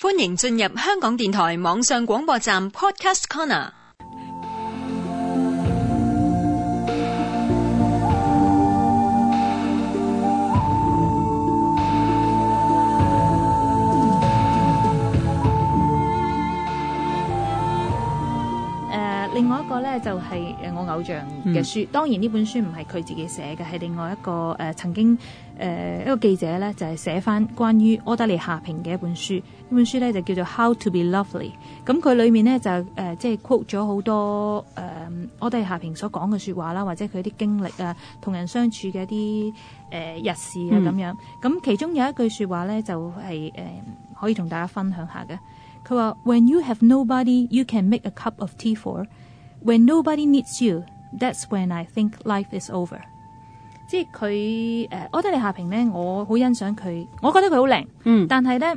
歡迎進入香港電台網上廣播站 Podcast Corner。另外一個咧就係、是、我偶像嘅書，當然呢本書唔係佢自己寫嘅，係、mm. 另外一個、呃、曾經誒、呃、一個記者咧就係、是、寫翻關於柯德利夏平嘅一本書。呢本書咧就叫做《How to Be Lovely》。咁佢裏面咧就誒即係 quote 咗好多誒柯德利夏平所講嘅說的話啦，或者佢啲經歷啊，同人相處嘅一啲、呃、日事啊咁樣。咁、mm. 嗯、其中有一句說話咧就係、是呃、可以同大家分享一下嘅。佢話：When you have nobody, you can make a cup of tea for。When nobody needs you, that's when I think life is over，即。即係佢誒，我覺得李夏平咧，我好欣賞佢，我覺得佢好靚，但係咧，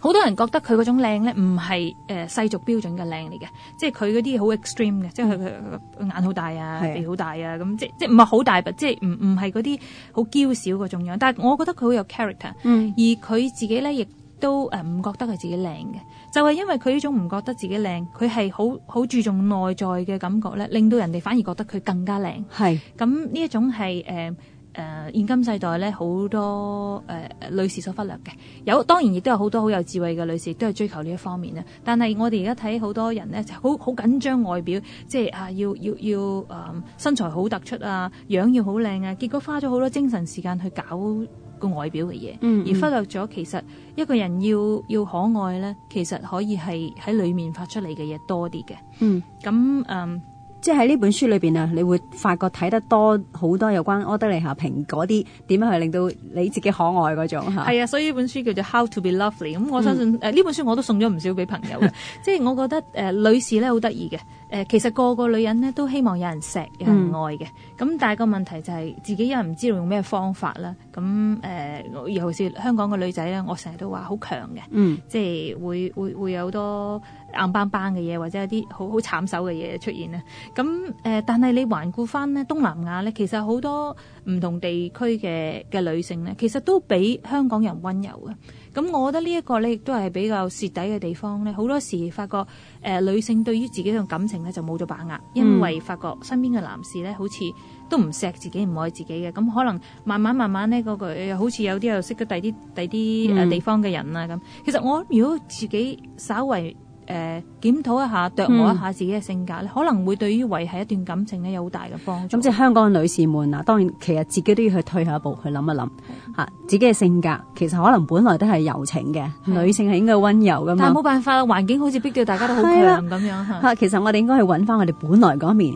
好多人覺得佢嗰種靚咧，唔係、呃、世俗標準嘅靚嚟嘅，即係佢嗰啲好 extreme 嘅、嗯，即係佢佢眼好大啊，鼻好大啊，咁即即唔係好大，即係唔唔係嗰啲好嬌小嗰種樣，但係我覺得佢好有 character、嗯、而佢自己咧亦。都誒唔覺得佢自己靚嘅，就係因為佢呢種唔覺得自己靚，佢係好好注重內在嘅感覺咧，令到人哋反而覺得佢更加靚。係咁呢一種係誒誒現今世代咧好多誒、呃、女士所忽略嘅，有當然亦都有好多好有智慧嘅女士都係追求呢一方面咧。但係我哋而家睇好多人咧，就好好緊張外表，即係啊要要要啊、呃、身材好突出啊，樣要好靚啊，結果花咗好多精神時間去搞個外表嘅嘢，而忽略咗其實一個人要要可愛咧，其實可以係喺裏面發出嚟嘅嘢，多啲嘅。嗯，咁嗯，即係喺呢本書裏邊啊，你會發覺睇得多好多有關柯德莉夏萍嗰啲點樣去令到你自己可愛嗰種吓。係、嗯、啊，所以呢本書叫做 How to be Lovely。咁我相信誒呢本書我都送咗唔少俾朋友嘅，嗯、 即係我覺得誒女士咧好得意嘅。呃、其實個個女人咧都希望有人錫有人愛嘅，咁、嗯、但係個問題就係、是、自己有人唔知道用咩方法啦。咁誒、呃，尤其是香港嘅女仔咧，我成日都話好強嘅、嗯，即係會會會有好多硬邦邦嘅嘢，或者有啲好好慘手嘅嘢出現咧。咁、呃、但係你環顧翻咧東南亞咧，其實好多唔同地區嘅嘅女性咧，其實都比香港人温柔嘅。咁我覺得呢一個咧，亦都係比較蝕底嘅地方咧。好多時發覺、呃，女性對於自己嘅感情咧，就冇咗把握，因為發覺身邊嘅男士咧，好似都唔錫自己，唔愛自己嘅。咁可能慢慢慢慢咧、嗰個，嗰個好似有啲又識得第啲第啲地方嘅人啊咁、嗯。其實我如果自己稍為，誒、呃，檢討一下，琢磨一下自己嘅性格咧、嗯，可能會對於維繫一段感情有好大嘅幫助。咁、嗯、即係香港嘅女士們嗱，當然其實自己都要去退下一步，去諗一諗吓、嗯啊、自己嘅性格，其實可能本來都係柔情嘅，女性係應該溫柔噶嘛。但係冇辦法啦，環境好似逼到大家都好強咁樣吓、啊。其實我哋應該去搵翻我哋本來嗰面。